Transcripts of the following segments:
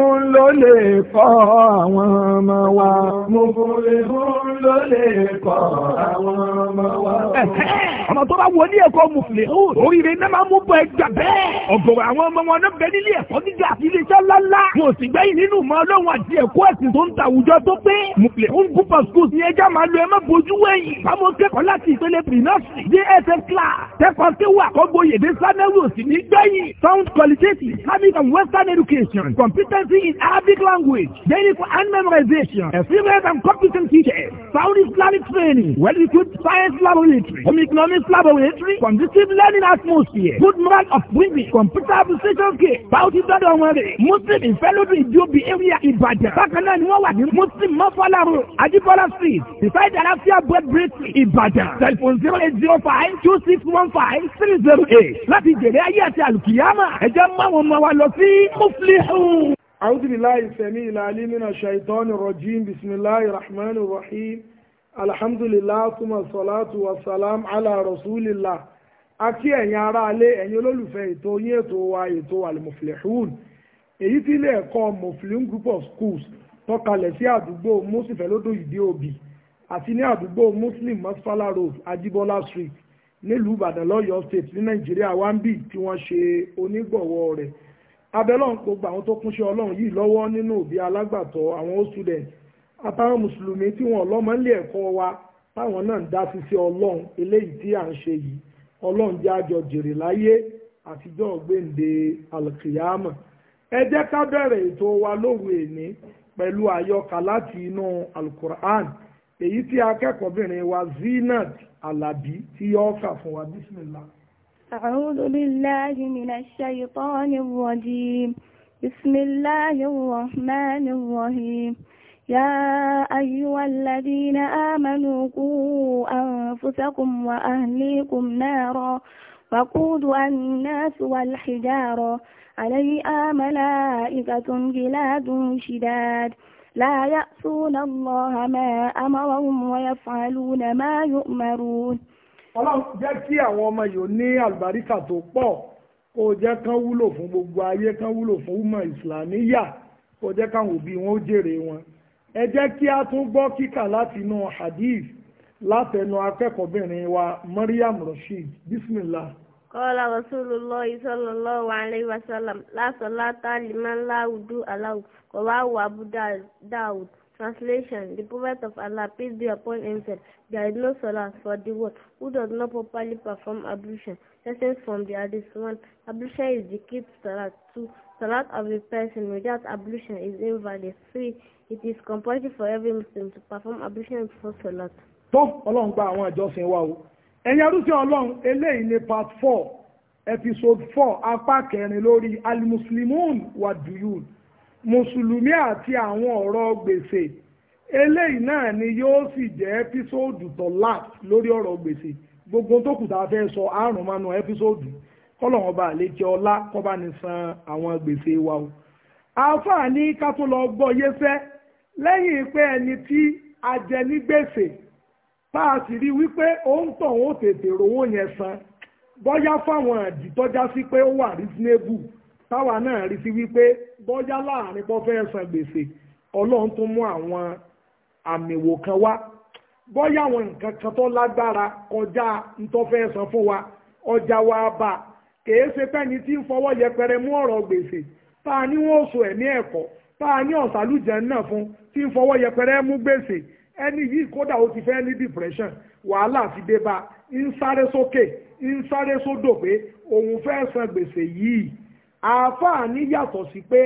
fún ló lè kọ́ àwọn wa. mo fòrè fún ló lè kọ́ àwọn ọmọ wa. ọmọ tó bá wọ ní ẹ̀kọ́ mo fìlè oríire náà máa mú bọ ẹgbà bẹ́ẹ̀. ọ̀gọ̀rọ̀ àwọn ọmọ wọn náà bẹ nílé ẹ̀kọ́ gíga àti iléeṣẹ́ mo sì gbẹ́yìn nínú ìmọ̀ ọlọ́run àti ẹ̀kọ́ ẹ̀sìn tó ń ta àwùjọ tó pé. mo fìlè hó gúpa schools ní ẹja máa lo ẹ má bojú báwo kẹ́kọ̀ọ́ láti ìpele pre dss class tẹ́kọ̀ọ́ tí wà kọ́gbóyèdè sanẹ́wò sì ní gbẹ̀yìn. sound qualitative islamic and western education competent is Arabic language, daily Quran memorization, experienced and competent teachers, sound Islamic training, well-equipped science laboratory, home economics laboratory, conducive learning atmosphere, good moral of women, computer application kit, bounty dọ́dọ̀ wọn rè. Muslim ìfẹ́lódún ìjóbi area Ìbàdàn. Bákan náà ni wọ́n wà ní Muslim Mọ́fọ́lárò, Ajíbọ́lá street, beside Àlàáfíà bread bakery Ìbàdàn. Telephone zero eight zero five two six one five three zero eight. Láti jèrè ayé àti àlùkìyámà, ẹ jẹ́ mọ́ àwọn ọmọ wa lọ sí Muflihun. أعوذ بالله السميع العليم من الشيطان الرجيم بسم الله الرحمن الرحيم الحمد لله ثم الصلاة والسلام على رسول الله akí ẹ̀yin aráalé ẹ̀yin olólùfẹ́ ètò yín ètò wa ètò alimuflehun èyí tí ilé ẹ̀kọ́ muflehun group of schools tọ́kalẹ̀ sí àdúgbò mùsùlùmí ìdí òbí àti ní àdúgbò muslim masfala road ajibola street nílùú ìbàdàn lọ́yọ̀ọ́ state ní nàìjíríà wambi tí wọ́n ṣe onígbọ̀wọ́ rẹ̀ abẹ́lọ́n gbogbo àwọn tó kúnṣe ọlọ́run yìí lọ́wọ́ nínú òbí alágbàtọ́ àwọn ó student àtàwọn mùsùlùmí tí wọn ọlọ́mọ ilé ẹ̀kọ́ wa táwọn náà ń dá sísẹ ọlọ́run eléyìí tí à ń ṣe yìí ọlọ́run jẹ́ àjọ jèrè láyé àtijọ́ gbèǹde alkiyama ẹ jẹ́ ká bẹ̀rẹ̀ ètò wa lóru èní pẹ̀lú àyọkà láti inú alukur'an èyí tí akẹ́kọ̀ọ́bìnrin wa zinat alabi tí yọ ọ́ kà fún wa bismillah. أعوذ بالله من الشيطان الرجيم بسم الله الرحمن الرحيم يا أيها الذين آمنوا قوا أنفسكم وأهليكم نارا وقودوا الناس والحجارة عليها ملائكة جلاد شداد لا يأسون الله ما أمرهم ويفعلون ما يؤمرون ọlọ́run jẹ́ kí àwọn ọmọ yìí ó ní àlùbáríkà tó pọ̀ kó jẹ́ kán wúlò fún gbogbo ayé kán wúlò fún umar islamiyya kó jẹ́ káwọn òbí wọn ó jèrè wọn ẹ jẹ́ kí a tún gbọ́ kíkà láti inú hadith látẹnu akẹ́kọ̀ọ́bìnrin wa Maryam Rasheed bismillah. Kọ́lá Rasulullah sallallahu alaihi wasallam lásán látàlí máa ń láwùdú aláwù kọ̀wá wà Abu Dawud. Translation The Prophet of Allah, peace be upon him, said, There is no salah for the one who does not properly perform ablution. Lessons from the Hadith 1. Ablution is the key to salah. 2. Salat of a person without ablution is invalid. 3. It is compulsory for every Muslim to perform ablution before salat. Tó along gba àwọn ìjọsìn wa o. Ẹ̀yin arúgbó Ọlọ́run eléyìí ni part four episode four Apa kẹrin lórí Al-Muslimun wa Duyun mùsùlùmí àti àwọn ọ̀rọ̀ gbèsè eléyìí náà ni yóò sì jẹ́ ẹ́písòdù tó last lórí ọ̀rọ̀ gbèsè gbogbo tó kù tá a fẹ́ sọ àrùn mánu ẹ́písòdù kọ́lọ̀wọ́n bá lè jẹ́ ọlá kọ́bá ní san àwọn gbèsè wa o. àáfàá ní ká tó lọ gbọ́ yéṣẹ́ lẹ́yìn pé ẹni tí a jẹ ní gbèsè tá a sì rí wípé ó ń tàn ó tètè rówó yẹn san bọ́yá fáwọn àdìtọ́já sí pé ó wà reasonable táwa náà rí sí wípé bọ́já láàrin bọ́ fẹ́ san gbèsè ọlọ́run tó mú àwọn àmìwò kan wá bọ́yá àwọn nǹkan kan tó lágbára kọjá ntọ́ fẹ́ san fún wa ọjà wa bá kèé ṣe pẹ́ni tí ń fọwọ́ yẹpẹrẹ mú ọ̀rọ̀ gbèsè tá a ní wọ́n oṣù ẹ̀mí ẹ̀kọ́ tá a ní ọ̀sálùjẹ́ náà fún tí ń fọwọ́ yẹpẹrẹ mú gbèsè ẹni yìí kódà ó ti fẹ́ ní depression wàhálà ti dé bá ń sáré sókè ń sáré sódò pé òun fẹ́ san gbèsè yìí àáfàá ní yàtọ̀ sí pé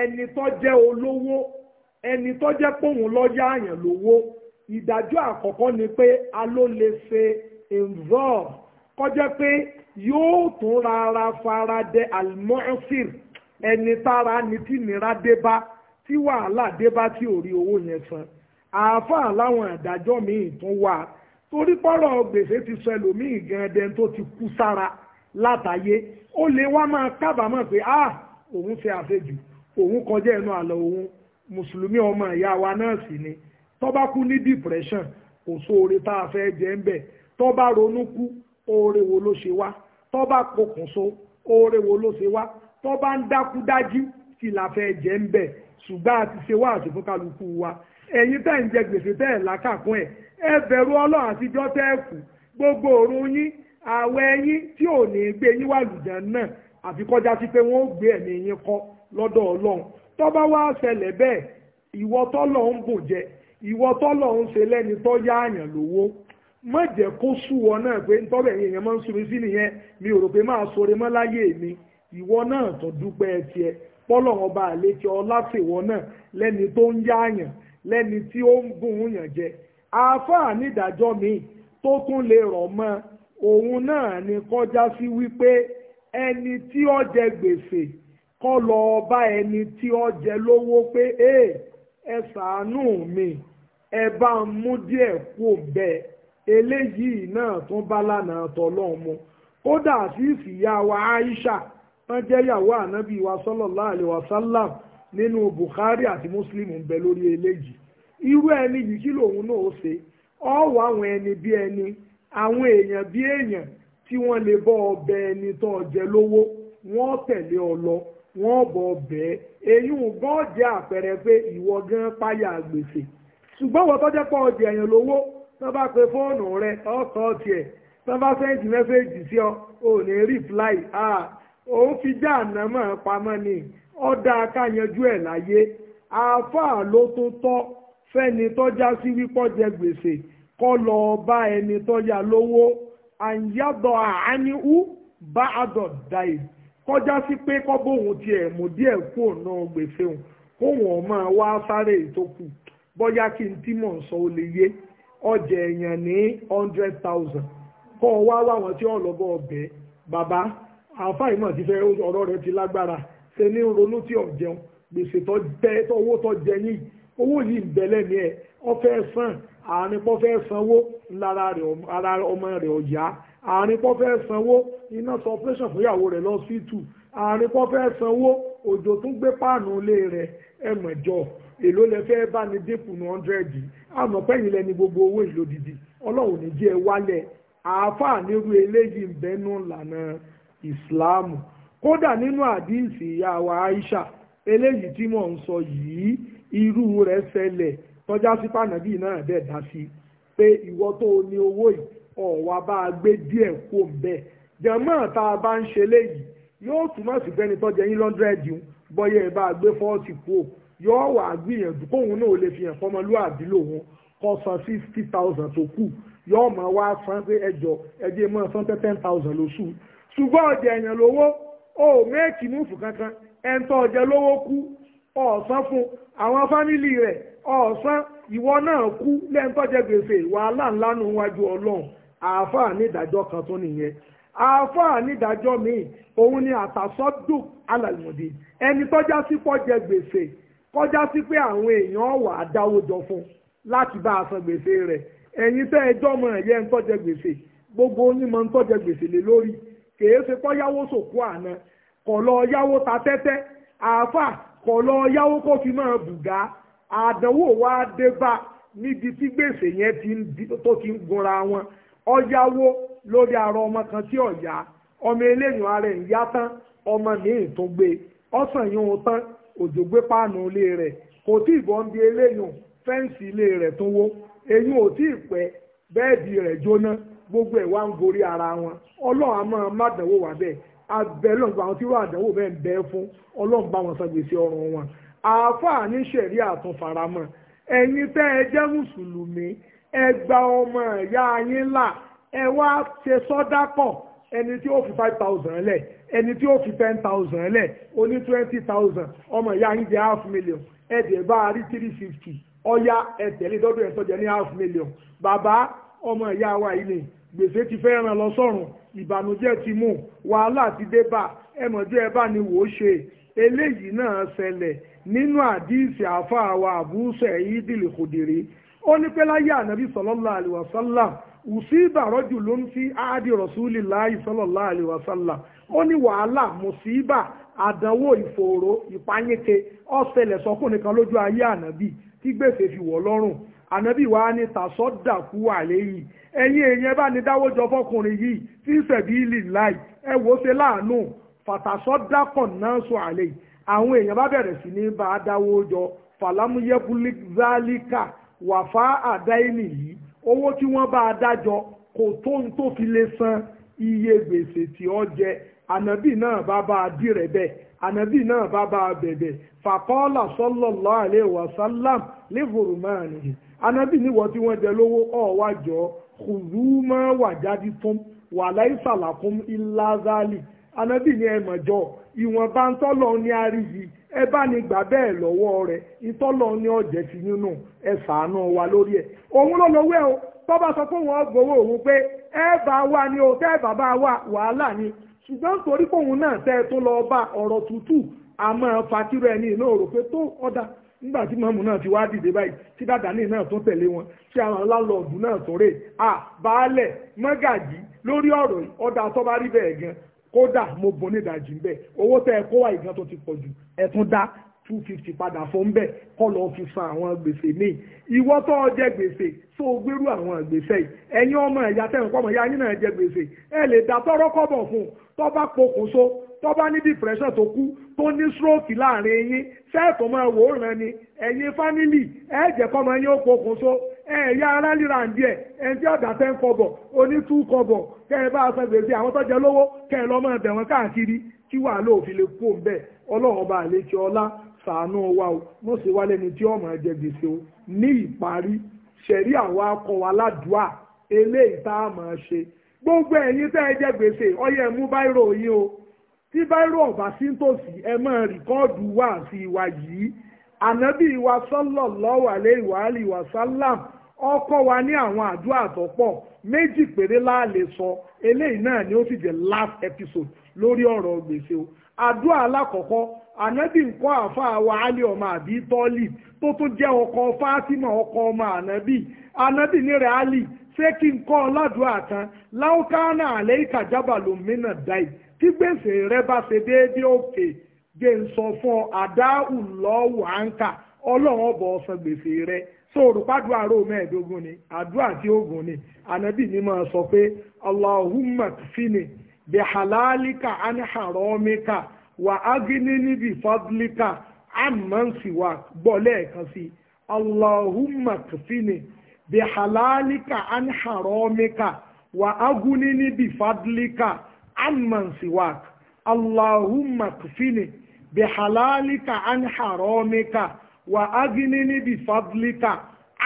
ẹni tó jẹ́ olówó ẹni tó jẹ́ pòun lọ́yà àyàn lówó ìdájọ́ àkọ́kọ́ ni pé a ló lè ṣe involve kọjá pé yóò tún rárá fara dẹ almohsir ẹni tára ni tí nira dé bá tí wàhálà dé bá tí ò rí owó yẹn san àáfàá láwọn àdájọ́ míì tún wà torí pọ́rọ̀ gbèsè ti sọ ẹlòmíì gan-an dẹ́n tó ti kú sára látàyé ó lè wá máa kábàámọ̀ pé ah òun ṣe àṣejù òun kọjá ẹnu àlọ́ òun mùsùlùmí ọmọ ìyá wa náà sì ni tó bá kú ní depression kò sóore tá a fẹ́ jẹ́ ń bẹ̀ tó bá ronú kú oore wo ló ṣe wá tó bá pokùnso oore wo ló ṣe wá tó bá ń dákú dájú kí la fẹ́ jẹ́ ń bẹ̀ ṣùgbọ́n a ti ṣe wá àti fún wa ẹ̀yin tẹ́ ń jẹ gbèsè tẹ́ ẹ̀ lákàkún ẹ̀ ẹ bẹ̀rù ọlọ́run àtijọ́ tẹ́ ẹ kù gbogbo òru yín ààwẹ̀ yín tí ò ní gbé yín wà lùjá náà àfi kọjá sí pé wọ́n ó gbé ẹ̀mí yín kọ́ lọ́dọ̀ ọlọ́run tó bá wá ṣẹlẹ̀ bẹ́ẹ̀ ìwọ tọ́lọ̀ ń bò jẹ ìwọ tọ́lọ̀ ń ṣe lẹ́ni tó yá àyàn lówó má jẹ́ kó sú ọ náà pé ntọ́bẹ̀ yẹn yẹn máa ń sunmi sí nìyẹn mi ò rò pé máa sọre mọ́ láyé mi ìwọ náà tó dúpẹ́ tiẹ̀ pọ́lọ̀ ọba àlejò ọlásèwọ náà lẹ́ni tó ń yá àyàn lẹ́ni tí ó ń gùn yàn jẹ àáfàá nídàájọ́ mi tó tún lè rọ̀ mọ́ òun náà ni kọjá sí wípé ẹni tí ó jẹ gbèsè kó lọ bá ẹni tí ó jẹ lówó pé ẹ ṣàánú mi ẹ bá ń mú díẹ̀ kú bẹ́ẹ̀ eléyìí náà tún bá lánàá tọ́lọ́ mu kódà sí ìyá wa Aisha tán jẹ́ ìyàwó ànábì wa sallallahu alaihi wasallam nínú Bukhari àti Muslim ń bẹ lórí eléyìí irú ẹni yìí kí lòun náà ó ṣe ọ wọ àwọn ẹni bí ẹni àwọn èèyàn bí èèyàn tí wọ́n lè bọ́ ọbẹ̀ ẹni tó jẹ lówó wọ́n tẹ̀lé ọ lọ wọ́n bọ̀ ọbẹ̀ eyín gan jẹ́ àpẹẹrẹ pé ìwọ gan páyà gbèsè ṣùgbọ́n wọ́n tọ́jẹ́ pọ̀ ọjà èèyàn lówó tó bá pe fóònù rẹ ọ̀sọ̀ tiẹ̀ tó bá sẹ́ǹdì mẹ́sẹ̀jì sí ọ ò ní rìpláì òun fi já ànámọ́ pamọ́ ni ọ̀dà káyanjú ẹ̀ láyé àáfàá ló tún tọ́ fẹ́ni tọ́já sí wípọ́ jẹ gbèsè kọ́ lọ bá ẹni tó yá lówó àyàdọ̀ àánihú bá àdọ̀ kọjá sí pé kọ́ bóun tiẹ̀ mú díẹ̀ kú ọ̀nà gbèsè òun kóun ọmọ wa sáré ìtókù bóyá kí n tí ń sọ olè yé ọjà èèyàn ní hundred kọ́ ọ wá wá wọn tí ọbẹ̀ bàbá ìmọ̀ ti fẹ́ ọ̀rọ̀ rẹ̀ ti lágbára ṣe ronú tí ọ̀ owó yìí ń bẹ̀lẹ̀ ní ẹ̀ ọfẹ́ san àárín pọ́fẹ́ sanwó lára ọmọ rẹ̀ ọ̀yá àárín pọ́fẹ́ sanwó iná sọ operation fún ìyàwó rẹ̀ lọ́sítù àárín pọ́fẹ́ sanwó òjò tún gbé páànù ilé rẹ̀ ẹ̀mọ̀jọ èló lẹ fẹ́ bá ní dínkù ní hundred àmọ́ pẹ́yìn lẹni gbogbo owó ìlòdìdì ọlọ́run ní jẹ́ wálẹ̀ àáfàá nírú eléyìí ń bẹ́nu ìlànà ìsìláàmù kódà nínú àdíìsì ìyá wa Aisha eléyìí tí mò ń sọ yìí irú rẹ̀ ṣẹlẹ̀ tọ́já sí pànàbí náà dẹ̀ dá sí pé ìwọ tó o ní owó yìí ọ̀wá bá a gbé díẹ̀ kó ń bẹ̀ jẹ̀mọ́ tá a bá ń ṣe léyìí yóò túmọ̀ sí pẹ́ni tọ́jẹ́ yín lọ́ndrẹ́dì bọ́yẹ̀ bá a gbé fọ́ọ̀tì kú yóò wà á gbìyànjú kóun náà lè fi hàn fọmọlúwàbí lòun kó san sixty thousand tó kù yóò máa wá san pé ẹjọ ẹjẹ máa san pé ten thousand lóṣù ṣùgbọ́n ọjà èèyàn lówó o méèkì múfù kankan ẹ̀ńtọ́ ọjà lówó kú ọ̀sán fún àwọn fámìlì rẹ̀ ọ̀sán ìwọ náà kú lẹ́ńtọ́jẹ́ gbèsè wàhálà ńlá nù wájú ọlọ́run àáfàá nídàájọ́ kan tó nìyẹn àáfàá nídàájọ́ míì òun ni àtàsọ́dù alàlùmọ̀dé ẹni tọ́já sí pọ́jẹ gbèsè kọjá sí pé àwọn èèyàn wà á dáwó jọ fún láti bá a san gbèsè rẹ̀ ẹ̀yin tẹ́ ẹjọ́ mọ̀ ẹ̀yẹ ń tọ́jẹ gbèsè gbogbo onímọ̀ ń tọ́jẹ gbèsè lé lórí kèé ṣe kọ́ yáwó sòkú àná kọ̀ lọ yáwó ta tẹ́tẹ́ àáfàá kọlọ lọ yáwó kó fi máa bùgá àdánwò wá dé bá níbi tí gbèsè yẹn tó ti ń gunra wọn ọ̀yáwó lórí ara ọmọ kan tí ọ̀yá ọmọ eléyìn ara ẹ̀ ń yá tán ọmọ míì tó gbé ọ̀sán yìí ń tán òjò gbé páànù ilé rẹ̀ kò tí ìbọn bí eléyìn fẹ́ǹsì ilé rẹ tó wó eyín ò tí ì pẹ́ bẹ́ẹ̀dì rẹ̀ jóná gbogbo ẹ̀ wá ń gorí ara wọn ọlọ́run á máa má dánwò wá bẹ́ẹ̀ abẹ́ lọ́nà àwọn tí wọ́n àdánwò bẹ́ẹ̀ ń bẹ́ fún ọlọ́run bá wọn san gbèsè ọrùn wọn àáfàá ní sẹ̀rí àtúnfaramọ́ ẹ̀yin tẹ́ ẹ jẹ́ mùsùlùmí ẹ gba ọmọ ìyá yín là ẹ wá ṣe sọ́dá pọ̀ ẹni tí ó fi five thousand lẹ̀ ẹni tí ó fi ten thousand lẹ̀ oní twenty thousand ọmọ ìyá yín jẹ́ half million ẹ̀dẹ̀ bá a rí three fifty ọ̀ya ẹ̀tẹ̀lé dọ́dọ̀ ẹ̀ tọ́jẹ́ ní half million bàbá ọmọ ìyá wa yìí ni gbèsè ti fẹ́ ràn lọ sọ́run ìbànújẹ́ ti mú wàhálà ti dé bá ẹmọ̀jọ́ ẹ bá ní wò ó ṣe eléyìí náà ṣẹlẹ̀ nínú àdíìsì àáfàá wa àbúṣe ìdílé kòdèrè ó ní pé láyé ànábì sọlọ́lá àlìwàsálà ùsí ìbàrọ́jù ló ń fi áàdì rọ̀súlì láì sọlọ́lá àlìwàsálà ó ní wàhálà mùsíbà àdánwò ìfòòró ìpáyéke ó sọkùnrin kan lójú ayé ànábì tí gbèsè fi wọ̀ lọ́rùn ànábì wa ní tàṣọ́dàkú àléyìn ẹ̀yin èèyàn bá ní dáwọ́jọ fọkùnrin yìí tí ń ṣẹ̀bí ìlì láì ẹ wò ó ṣe láàánú fàtàṣọ́dàkọ̀ náà sọ àléyìn àwọn èèyàn bá bẹ̀rẹ̀ sí ní bá a dáwọ́jọ fàlámúyẹ́bùlíkà wàfá àdáìní yìí owó tí wọ́n bá a dájọ kò tó ń tó fi lè san iye gbèsè tí ó jẹ ànábì náà bá bá a dì rẹ̀ bẹ́ẹ̀ ànábì náà bá bá a bẹ̀bẹ̀ fàkọ́ọ́là sallallahu alaihi wasallam léfòrò máa nìyí ànábì níwọ̀ tí wọ́n jẹ lówó ọ̀wá jọ kùrú máa wà jáde fún wà láìsàlà fún ilá zálì ànábì ní ẹ̀mọ̀jọ ìwọ̀nba ń tọ́lọ ní àríyí ẹ bá ní gbà bẹ́ẹ̀ lọ́wọ́ rẹ̀ ìtọ́lọ ní ọ̀jẹ̀ ti nínú ẹ ṣàánú wa lórí ẹ̀ òun ló lọ́wọ́ ẹ o tọ́ bá sọ fún wọn gbowó òun pé ẹ bá wa ni o tẹ́ bàbá wa wàhálà ni ṣùgbọ́n torí pòun náà tẹ́ ẹ tó lọ bá ọ̀rọ̀ tútù àmọ́ fatirọ ẹni ìlú òrò pé tó ọ̀dà nígbà tí mọ̀mù náà ti wá dìde báyìí tí dàdánì náà tó tẹ̀lé wọn tí àwọn aláǹlọ́ọ̀dù náà tó rè à baálẹ̀ mọ́gàjì lórí ọ̀rọ̀ ọ̀dà tó rí bẹ́ẹ̀ gan kódà mo bọ̀ nídàájì ń bẹ̀ owó tẹ́ ẹ kó wà ìgbà tó ti pọ̀ jù ẹ̀ tún dá two fifty padà fún bẹ́ẹ̀ kọ́ lọ́ọ́ fi san àwọn gbèsè míì ìwọ́ tó ọ jẹ gbèsè tó o gbérú àwọn gbèsè yìí ẹ̀yin ọmọ ẹ̀yà tẹ̀ ń pọ̀ mọ́ ya yín náà jẹ gbèsè ẹ lè dá tọ́rọ́ kọ́bọ̀ fún tó bá pokùnso tó bá ní depression tó kú tó ní stroke láàrin yín sẹ́ẹ̀tọ̀ máa wò ó ràn ni ẹ̀yin fámìlì ẹ̀ jẹ́ kọ́ máa yín ó pokùnso ẹ̀yà ara líra ń díẹ̀ ẹni tí ọ̀dà tẹ́ ń kọbọ̀ oní tú kọbọ̀ kẹ́ẹ̀ bá san gbèsè àwọn tó jẹ lówó kẹ́ẹ̀ lọ́mọ ẹ̀bẹ̀ wọn káàkiri kí wàá lóòfin lè kó ń bẹ́ẹ̀ ọlọ́run bá àlejò ọlá ṣàánú wa o mọ̀ sí wa lẹ́ni tí ọmọ ẹ jẹ gbèsè o ní ìparí ṣẹ̀rí àwa akọ wa ládùúà eléyìí tá a máa ṣe gbogbo ẹ̀yin tẹ́ ẹ jẹ gbèsè ọyẹ mú báírò yín o tí báírò ọ̀bà sí tòsí ẹ máa rìkọ́ọ̀dù wá sí ìwà yìí ànábì wa sallallahu alaihi wa alihi wa sallam ọkọ wa ní àwọn àdúrà tọpọ méjì péré láàlè sọ eléyìí náà ni ó sì jẹ́ last episode lórí ọ̀rọ̀ gbèsè o àdúrà alákọ̀ọ́kọ́ ànábì ńkọ́ àfáà wa alì ọmọ àbí tọ́lì tó tún jẹ́ ọkọ ọkọ ọmọ ànábì ànábì ní rẹ̀ alì ṣé kí n kọ́ ọ láwùkánà àlẹ́ ìkàjábà ló dáì tí gbèsè rẹ bá so òrùpàdùn àrò mẹ́ẹ̀ẹ́dógún ni àdúrà tí ó gùn ni ànábì ni máa sọ pé allahumma kfini bi halalika an haramika wa agnini bi fadlika amman siwak gbọ́ lẹ́ẹ̀kan sí allahumma kfini bi halalika an haramika wa agnini bi fadlika amman siwak allahumma kfini bi halalika an haramika wà á gíní níbi fadlika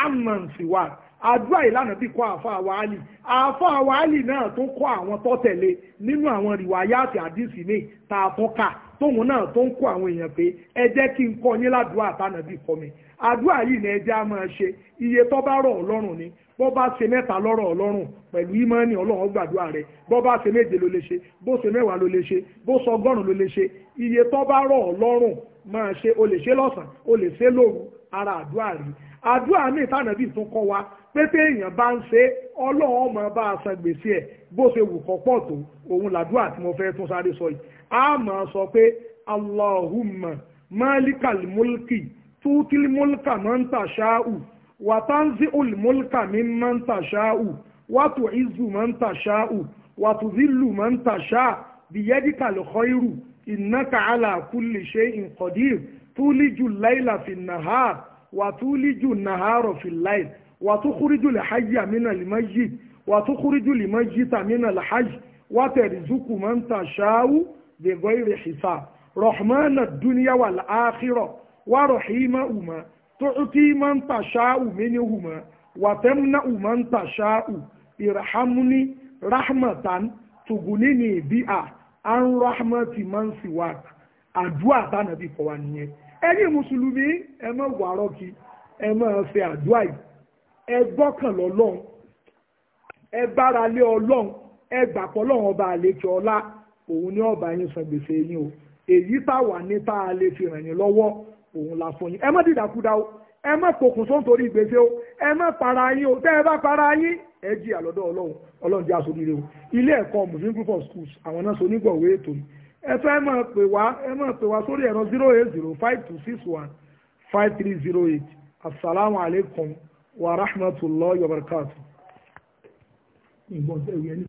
amansiwa àdúrà ìlànà bí kọ́ àfa àwáálì àfa àwáálì náà tó kọ́ àwọn tó tẹ̀lé nínú àwọn rìwáyà àti àdìsí ní tààtúnkà tóun náà tó ń kọ́ àwọn èèyàn pé ẹ jẹ́ kí n kọ́ yín ládùúgbò àtànà bí kọ́ mi àdúrà yìí ni ẹ jẹ́ á máa ṣe iye tó bá rọ̀ ọlọ́run ni bó bá ṣe mẹ́ta lọ́rọ̀ ọlọ́run pẹ̀lú ìmọ̀ọ́nì ọlọ́run gbàdúrà rẹ̀ bó bá ṣe méje ló lè ṣe bó ṣe mẹ́wàá ló lè ṣe bó ṣe ọgọ́rùn-ún ló lè ṣe iye tó bá rọ̀ ọlọ́run máa ṣe o lè ṣe lọ́sàn-án o lè ṣe lóru ara àdúrà rí àdúrà ní ìtànàbí tún kọ́ wa pé pé èèyàn bá ń ṣe ọlọ́run ọmọ bá a san gbèsè ẹ̀ bó ṣe wù kọ́ pọ̀ tó òun làdúrà tí mo fẹ́ tún sáré sọ yìí a máa sọ pé allahumma malikal mulki tutil mulka man tasha'u wa tanzi'ul mulka mimman tasha'u wa tu'izzu man tasha'u wa tudhillu man tasha'u biyadikal khairu innaka ala kulli shay'in qadir túlíjù láìlà fi nàhàr wà túlíjù nàhàrọ̀ fi láìl wà tó kúrìjù lè hajj àmínà lìmájì wà tó kúrìjù lìmájì tàmínà lìhajj wà tẹ̀rìzùkù máa ń ta ṣááwú bẹ̀gọ́ ìrẹ̀ ṣìṣà rọ̀hmánà dúníyà wà láàkírọ̀ wà rọ̀hìmá ùmá tuuti máa ń ta ṣááwú mẹ́ni ùmá wà tẹ́mínà ùmá ń ta ṣááwú ìràhámúní ráhmàtán tùgùnínì bíà an rahmati man siwak àdúrà tánàbí kọ́ wa nìyẹn ẹ̀yin mùsùlùmí ẹ má wàárọ̀ kí ẹ má ṣe àdúrà yìí ẹ gbọ́kàn lọ́lọ́run ẹ gbára lé ọlọ́run ẹ gbàpọ̀ lọ́run ọba àlejò ọlá òun ni ọba yín san gbèsè yín o èyí tá wà ní tá a lè fi ràn yín lọ́wọ́ òun la fún yín ẹ má dìdàkudà o ẹ má pokùnso nítorí gbèsè o ẹ má para yín o tẹ́ ẹ bá para yín eji jí àlọ́dọ̀ ọlọ́run ọlọ́run jẹ́ aṣoríire o ilé ẹ̀kọ́ muslim group of schools àwọn náà sonígbọ̀wé ètò ẹ fẹ́ máa pè wá ẹ máa pè zero eight zero five two six one five three zero eight asalaamu alaykum wa rahmatulahi wa